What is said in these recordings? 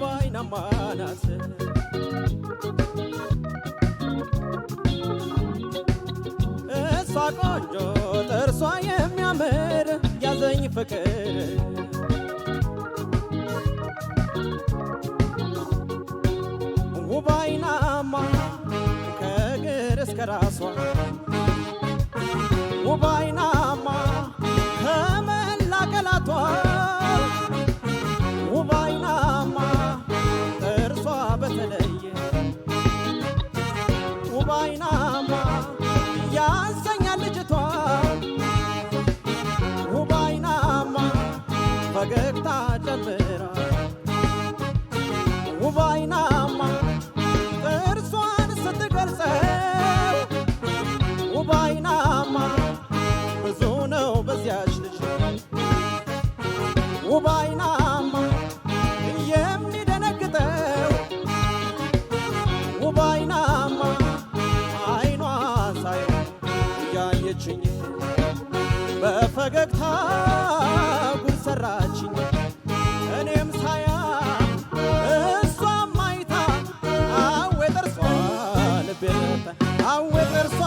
ባይናማ ናት እሷ ቆንጆ ጥርሷ የሚያምር ያዘኝ ፍቅር ውባይናማ ከእግር እስከ ራሷ አይናማ ያሰኛል ልጅቷ ውብ አይናማ ፈገግታ ጨምራ ውብ አይናማ ጥርሷን ስትገልጸው ውብ አይናማ ብዙ ነው በዚያች ልጅ ውብ አይና አየችኝ በፈገግታ ጉድ ሰራችኝ እኔም ሳያ እሷም አዌ ጥርሷ ልቤ አዌ ጥርሷ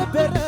ልቤ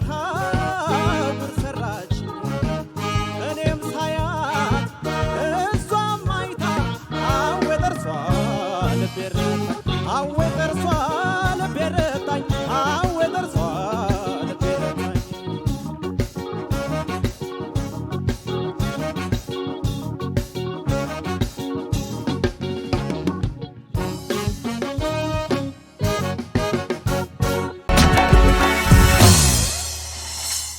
ፈገግታ ጉድ ሰራች እኔም ሳያት እሷም አይታ አወጠርሷ ልቤ አወጠርሷ